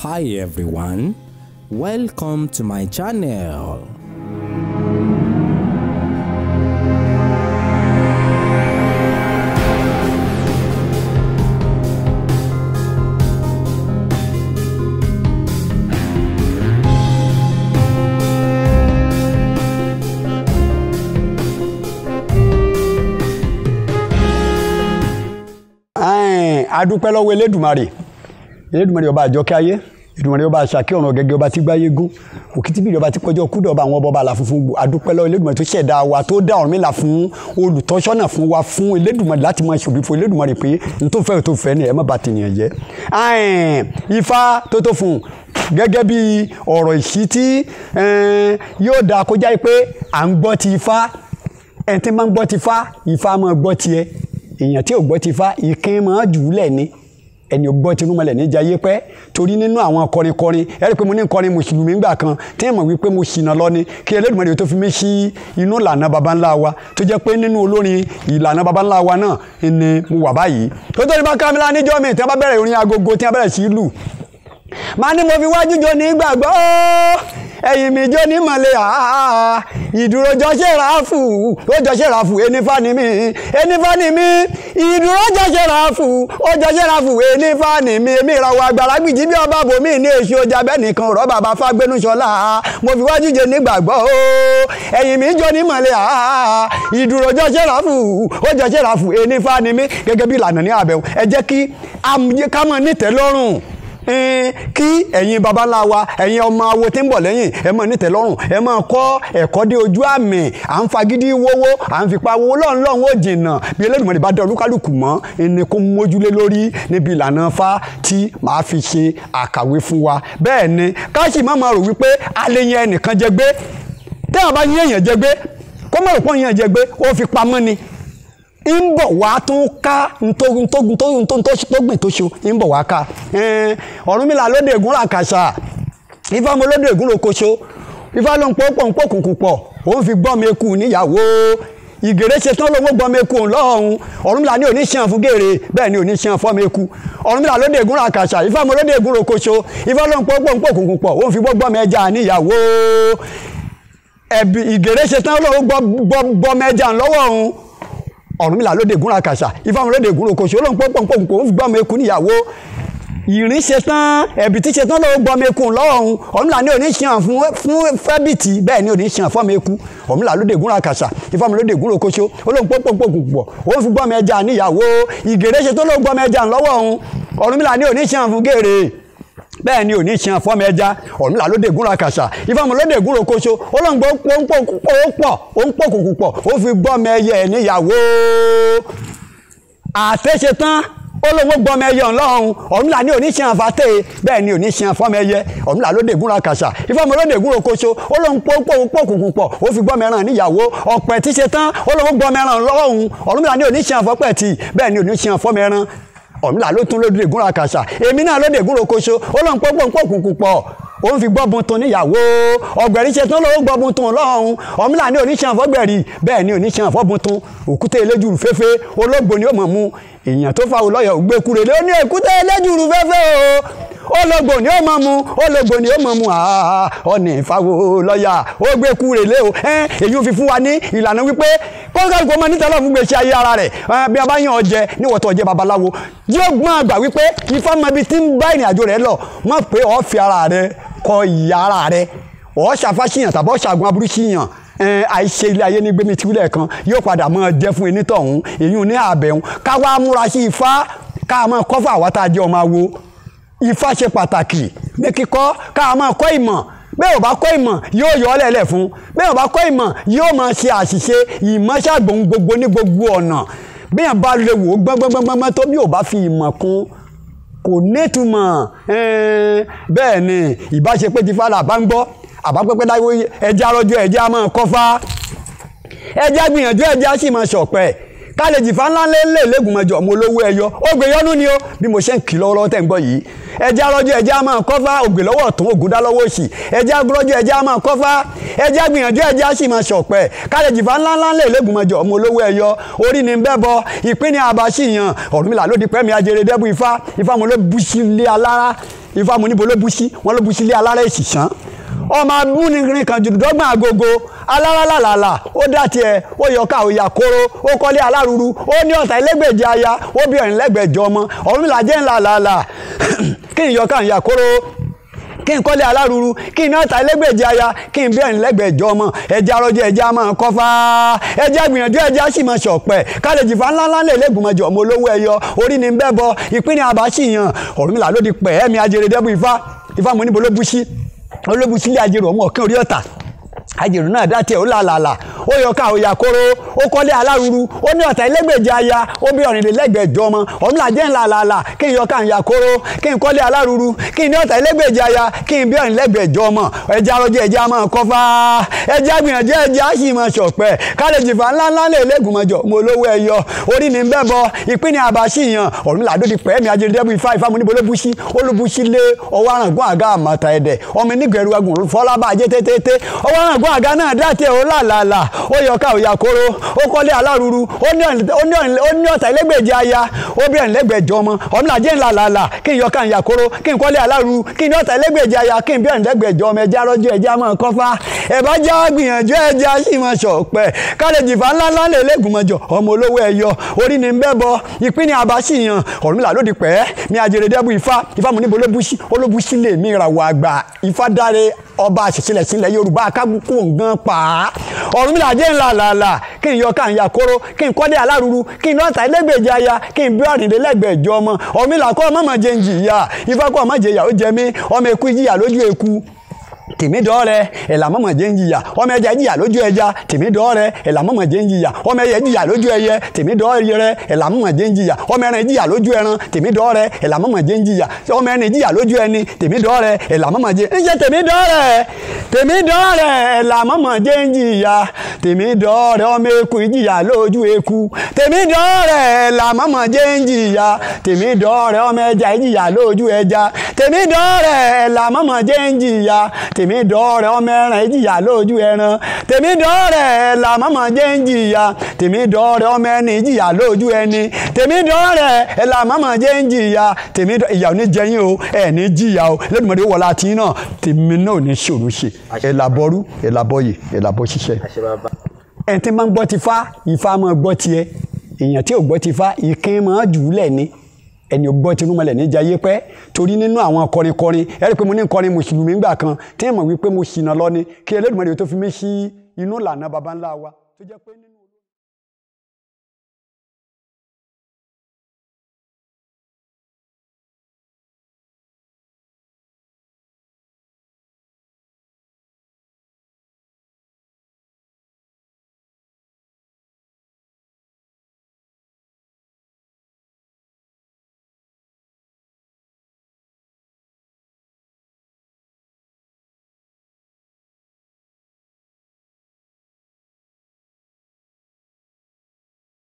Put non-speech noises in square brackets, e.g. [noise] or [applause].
Hi everyone, welcome to my channel. adúpẹ́ lọ́wọ́ Elédùmarè Elédùmarè ọba àjọkẹ́ ayé Èdùmarè ọba àṣàkẹ́ ọ̀run ọ̀gẹ́gẹ́ ọba tí gbáyé gún òkìtìbìrì ọba tí pẹ́jọ́ kúdọ̀ ọba àwọn ọba àlà funfun adúpẹ́ lọ́wọ́ Elédùmarè tó ṣẹ̀dá wa tó dá Ọ̀rúnmìlà fún olùtọ́sọ́nà fún wa fún Elédùmarè láti máa ṣòbí fún Elédùmarè pé n tó fẹ́ tó fẹ́ ni ẹ má bà tènìyàn jẹ́. Ifá tó tó fún gẹ́gẹ́ bí ọ̀rọ̀ ìṣí tí yóò dáa kó jẹ́ pé à ń gbọ́ ti Ifá ẹ̀ tí máa ń gbọ́ ti Ifá Ifá máa gbọ́ tiẹ̀ èèyàn tí ò gbọ́ ti Ifá ìkín máa jù ú lẹ̀ ni ẹni ọgbọ́n tinú mọ́lẹ̀ níjà yé pẹ́ torí nínú àwọn kọrinkọrin ẹ rí i pé mo ní kọrin mùsùlùmí gbà kan tí ẹ mọ̀ wípé mo ṣìnà lọ ni kí Ẹlẹ́dùmarè tó fi mí sí inú ìlànà baba ńlá wa tó jẹ́ pé nínú olórin ìlànà baba ńlá wa náà ni mo wà báyìí tó tó ní bá kámi lára níjọ́ mi tí wọ́n bá bẹ̀rẹ̀ orin agogo tí wọ́n bẹ̀rẹ̀ sí lù máa ní mo fi wájú jọ ní gbàgbọ́ ẹ̀yìn mi jó ní mọ̀lẹ́ àá ìdúró jọ ṣe ràáfù ó jọ ṣe ràáfù enífà ni mí enífà ni mí ìdúró jọ ṣe ràáfù ó jọ ṣe ràáfù enífà ni mí èmi ìràwọ̀ àgbàrá gbìjì bí ọba bòmí ní èṣù ọjà bẹ́ẹ̀ nìkan ọ̀rọ̀ bàbá fágbénúṣọlá mo fi wájú jẹ nígbàgbọ́ o ẹ̀yìn mi jó ní mọ̀lẹ́ àá ìdúró jọ ṣe ràáfù ó jọ ṣe ràáfù enífà ni mí gẹ́gẹ́ bí ìlànà ní àbẹ̀wò ẹ jẹ́ kí ká mọ̀ nítẹ̀lọ́rùn kí ẹ̀yin babalá wa ẹ̀yin ọmọ awo tí ń bọ̀ lẹ́yìn ẹ máa nítẹ̀ lọ́rùn ẹ máa kọ́ ẹ̀kọ́ dé ojú àmì à ń fagídí wówó à ń fipá wo lọ́n lọ́n ó jìnnà bí Elédùmarè bá dá olúkálùkù mọ́ ẹni kó mójúlé lórí níbi ìlànà fa tí màá fi ṣe àkàwé fún wa bẹ́ẹ̀ ni káṣí má máa rò wípé alẹ́ yẹn ẹnìkan jẹgbé tẹ́wọ̀n bá yẹn yẹn jẹgbé ó fi pamọ́ ń bọ̀ wá tún ká ntógun tógun tógun tógun tó ṣu ń bọ̀ wá ká Ọ̀rúnmìlà lóde ègún làkàṣà ifá mo lóde ègún lòkoṣo ifá ló ń pọ́ pọ̀ ń pọ̀ kùkù pọ̀ òun fi gbọ́ mi kù níyàwó ìgèrè ṣe tán lówó gbọ́ mi kù lọ́hùn Ọ̀rúnmìlà ní òní ṣàn fún gèrè bẹ́ẹ̀ ni òní ṣàn fọ́ mi kù Ọ̀rúnmìlà lóde ègún làkàṣà ifá mo lóde ègún lòkoṣo ifá ló ń pọ́ pọ̀ ń pọ̀ kùkù pọ̀ òun fi gbọ́ mi ẹja níyàwó ẹ̀bì ìgèrè ṣe tán lówó gbọ́ mẹja lọ́wọ́ òun Ọ̀rúnmìlà lóde gúnra kàṣà ìfáwọn lóde gúnra kòṣó ló ń pọ́ pọ́npọ́ kò ń gbọ́mọ eku níyàwó ìrìn ṣetán ẹ̀bìtì ṣetán ló gbọ́mọ eku lọ́hùn Ọ̀rúnmìlà ní oníṣàn fún fẹ́bìtì bẹ́ẹ̀ ní oníṣàn fọ́mọ eku Ọ̀rúnmìlà lóde gúnra kàṣà ìfáwọn lóde gúnra kòṣó ló ń pọ́ pọ́npọ́ kò pọ̀ ó fi gbọ́mọ ẹja níyàwó ìgèrè ṣetán ló gbọ́mọ ẹja lọ́wọ́ bẹ́ẹ̀ ni òní tiẹ̀ fọ́mọ ẹja ọ̀rúnlà lóde gúnra kàṣà ìfọ̀mọ̀ lóde gúnra koṣo olóńgbò ó ń pọ̀ ó ń pọ̀ kùkù pọ̀ ó fi gbọ́mọ ẹyẹ ẹ̀ níyàwó àṣeṣetán olówó gbọmọ ẹyẹ ọlọ́run ọ̀rúnlà ní oníṣẹ́ àfàtẹ́ bẹ́ẹ̀ ni oníṣẹ́ àfọ́mọ ẹyẹ ọ̀rúnlà lóde gúnra kàṣà ìfọ́mọ lóde gúnra okoṣo olóhùn pọ́kùnkùn pọ̀ ó fi gbọmọ ẹran níyàwó ọ̀pẹ̀ tíṣe tán olówó gbọmọ ẹran ọlọ́run ọ̀rúnlà ní oníṣẹ́ àfọ́pẹ̀ tì bẹ́ẹ̀ ni oníṣẹ́ àfọ́mọ ẹran ọ̀nlá ló tún lóde gúnra kàṣà èmi náà lóde gúnra koṣo ó lọ́n pọ́pọ́ ń pọ̀ kùkù pọ̀ òun fi gbọ́bùn tun níyàwó ọ̀gbẹ̀rì ṣe tán lòun gbọ́bùn tun lọ́hùn ọ̀mìlà ní oníṣàn fọ́gbẹ̀rì bẹ́ẹ̀ ni oníṣàn fọ́bùn tun òkúta eléjùrù fẹ́fẹ́ olóògbò ni ó mọ̀ mu èèyàn tó fa olóyọ̀ gbé kúrè lé ní òkúta eléjùrù fẹ́fẹ́ o olóògbò ni ó mọ̀ mu olóògbò ni ó mọ̀ mu ọ̀nà ìfàwọ̀ lọ́yà ó gbé kúrè lé o èyí fi fún wa ní ìlànà wípé kọ́ńkàlùkọ́ máa níta lọ́ọ̀ fún gbèsè ayé ara rẹ̀ bí a bá yàn ọ jẹ níwọ̀tọ̀ ọjẹ́ babaláwo yóò gbọ́n àgbà wípé ifá mọ ibi tí ń bá ìrìn àjò rẹ̀ lọ mọ̀ pé ọ́ fi ara rẹ̀ kọ ìyá ara rẹ ọ̀ọ́ṣà fáṣíyàn tàbí ọ̀ṣà àgùn aburú ṣíyàn àìṣe ilé ayé ní gbémi tíwílẹ̀ kan yóò padà mọ́ jẹ́ fún ẹni tọ̀hún èyí ò ní àbẹ̀hún ká wá múra sí ifá ká máa kọ́ fún àwa tá a jẹ́ ọmọ awo ifá ṣe pàtàkì ní kíkọ́ ká máa kọ́ ìmọ̀ bẹ́ẹ̀ ò bá kọ́ ìmọ̀ yóò yọ ọ́ lẹ̀lẹ̀ fún bẹ́ẹ̀ ò bá kọ́ ìmọ̀ yóò máa ṣe àṣìṣe ìmọ̀ṣàgbọ̀n gbogbo ní gbogbo ọ̀nà bẹ́ẹ̀ bá lè wò gbọ́ngbọ́ngbọ́ngbọ́n tó bí ò bá fi ìmọ̀ kún kò nítumọ̀ eh, bẹ́ẹ̀ ni ìbáṣepé ti fa làbá ń gbọ́ àbápẹ́pẹ́ dáwọ́ ẹja rọjò ẹja máa kọ́fà ẹja gbìyànjú ẹja sì máa ṣọ̀pẹ́ kálẹ̀jì fanláńlé lè lẹ́gùnmọ̀jọ mo lówó ẹyọ ògbè yọnu ni ó bí mo ṣe ń kì lọ́wọ́lọ́wọ́ tẹ̀ ń gbọ́ yìí ẹja rọjò ẹja máa kọ́fà ògbè lọ́wọ́ ọ̀tún ògúndá lọ́wọ́ òsì ẹja rọjò ẹja máa kọ́fà ẹja gbìyànjú ẹja sì máa ṣọ̀pẹ́ kálẹ̀jì fanláńlá lè lẹ́gùnmọ̀jọ mo lówó ẹyọ orí ni bẹ́ bọ ìpínni àbáṣìyàn Ọ̀rúnmìlà ló di pẹ́mi ajere dẹ́bù ifá ifá mo ló bu sí ilé alára ifá mo níbo ló bu sí wọn ló bu sí ilé alára èsì ọmọ abúnirin kan jùdọ́gbọ̀n agogo alárálàlàlà ó dá tiẹ̀ ó yọká òyà kóró ó kọ́lé aláruru ó ní ọ̀tá ẹlẹ́gbẹ̀jẹ̀ aya ó bí ọ̀rìn lẹ́gbẹ̀jọ ọmọ ọ̀run làjẹ́ ńlá làlà [clears throat] kí ìyọká òyà kóró kí n kọ́lé aláruru kí n ọ̀tá ẹlẹ́gbẹ̀jẹ̀ aya kí n bí ọ̀rìn lẹ́gbẹ̀jọ ọmọ ẹja arọ́jọ ẹja máa kọ́fà ẹja gbìyànjú ẹja sì máa ṣọ̀pẹ̀ kálẹ̀jì fa ńláńlá lè lẹ́gbùmọ̀jọ ọmọ olówó ẹyọ orí ni ń bẹ́ bọ ìpínlẹ̀ àbáṣìyàn ọ̀rùnmìlà ló di pẹ̀ ẹ̀mí ajẹ́rẹ́dẹ́bù ifá ifá mo níbo ló bú sí olóbùsílẹ̀ ajérò ọmọ ọ̀kan orí ọ̀tà ajérò náà dá tiẹ̀ ó làlàlà ó yọ ká òyà kóró ó kọ́lé aláwùrú ó ní ọ̀tá ẹlẹ́gbẹ̀jẹ̀ aya ó bí ọ̀rìnlélẹ́gbẹ̀jọ ọmọ ọ̀nlàjẹ́ ńlàlàlà kí n yọ ká òyà kóró kí n kọ́lé aláwùrú kí n ní ọ̀tá ẹlẹ́gbẹ̀jẹ̀ aya kí n bí ọ̀rìnlẹ́gbẹ̀jọ ọmọ ẹja arọjẹ ẹja máa kọfà ẹja gbìyànjẹ ẹja sì máa ṣọpẹ kálẹ̀jì fà ńláńlá lè lẹ́gùnmọ̀jọ mo lówó ẹyọ orí ni ń bẹ́ bọ ìpínni àbáṣìyàn ọ̀run làdódì pẹ́ẹ́mì ajẹ́dẹ́bù ifá ifá mu níbo ló buṣí olúbuṣí lé ọwọ́ àràǹgún ó yọ ká òyà kóró ó kọ́lé aláruru ó ní ọ̀tà ẹlẹ́gbẹ̀jẹ̀ aya ó bí ẹ̀ńlẹ́gbẹ̀jọ ọmọ ọ̀nà àjẹ́ ńlá làlà kí n yọ ká òyà kóró kí n kọ́lé aláruru kí n ọ̀tà ẹlẹ́gbẹ̀jẹ̀ aya kí n bí ẹ̀ńlẹ́gbẹ̀jọ ọmọ ẹja rọ́jò ẹja mọ́ kọ́fà ẹ̀bá já gbìyànjú ẹja sì mọ́ sọ̀pẹ́ kárẹ̀jì fà ńláńlá lè lẹ́gùnmọ̀jọ ọmọ olówó ẹ̀yọ orí ni ń bẹ́ bọ ìpínlẹ̀ abasi yan ọ̀rùnmìlà lódì pẹ́ mi àjèrè dẹ́bu ifá ifá mu níbo ló bu sí lè mí ìràwọ̀ àgbà ifá dáre ọba àṣìṣilẹ̀ sílẹ̀ yorùbá akágúnkò ngan pa á ọ̀rúnmìlà jẹ́ ńlá làlà kí n yọ ká ń ya kóró kí n kọ́dé aláruru kí n lọ́ta ẹlẹ́gbẹ̀jẹ̀ aya kí n bí ọ̀rìndínlẹ́gbẹ̀jọ ọmọ ọ̀rúnmìlà kọ́ ọmọ mọ̀ jẹ́ ń jìyà ifá ọmọ jẹ́ yà ó jẹ ọmọ eku jìyà lójú eku tèmi dọ́ọ̀rẹ́ ẹ̀là mọ̀mọ̀ jẹ́ ń jìyà ọmọ ẹja jìyà lójú ẹja tèmi dọ́ọ̀rẹ́ ẹ̀là mọ̀mọ̀ jẹ́ ń jìyà ọmọ ẹyẹ jìyà lójú ẹyẹ tèmi dọ́ọ̀rẹ́ ẹ̀là mọ̀mọ̀ jẹ́ ń jìyà ọmọ ẹran jìyà lójú ẹran tèmi dọ́ọ̀rẹ́ ẹ̀là mọ̀mọ̀ jẹ́ ń jìyà ọmọ ẹni jìyà lójú ẹni tèmi dọ́ọ̀rẹ́ ẹ̀là mọ̀mọ̀ jẹ́ ń jẹ́ tèmi dọ́ọ̀rẹ́ tèmi dọ́ọ̀rẹ́ ẹ̀là mọ̀mọ̀ jẹ́ ń jìyà tèmi dọ́ọ̀rẹ́ ọmọ eku ìjìyà lójú eku tèmi dọ́ọ̀rẹ́ ẹ̀là mọ̀mọ̀ jẹ́ ń jìyà tèmi dọ́ọ̀rẹ́ ọmọ ẹja ìjìyà lójú ẹja tèmi dọ́ọ̀rẹ́ ẹ̀là mọ̀mọ̀ jẹ́ ń jìyà tèmi tèmi dọ́ọ̀rẹ́ ọmọ ẹran ìjìyà lójú ẹran tèmi dọ́ọ̀rẹ́ làmọ́mọ́ jẹ́ ń jìyà tèmi dọ́ọ̀rẹ́ ọmọ ẹni ìjìyà lójú ẹni tèmi dọ́ọ̀rẹ́ làmọ́mọ́ jẹ́ ń jìyà tèmi ìyà ò ní jẹyìn o ẹ̀ ní jìyà o lẹ́dùnmọ́dé wọlá tí náà tèmi náà ò ní ṣòro ṣe ẹ̀ làbọ́rú ẹ̀ làbọ́yè ẹ̀ làbọ́ ṣiṣẹ́ ẹ̀ tí máa ń gbọ́ ti fá ìfá máa gbọ́ tiẹ̀ èèyàn tí ò gbọ́ ti fá ìkín máa jù ú lẹ̀ ni ẹni ọgbọ́n tinú mọ́lẹ̀ níjà yé pẹ́ torí nínú àwọn kọrinkọrin ẹ rí i pé mo ní kọrin mùsùlùmí gbà kan tí ẹ mọ̀ wípé mo ṣìnà lọ ni kí Ẹlẹ́dùmarè tó fi mí sí inú ìlànà baba ńlá wa tó jẹ́ pé nínú.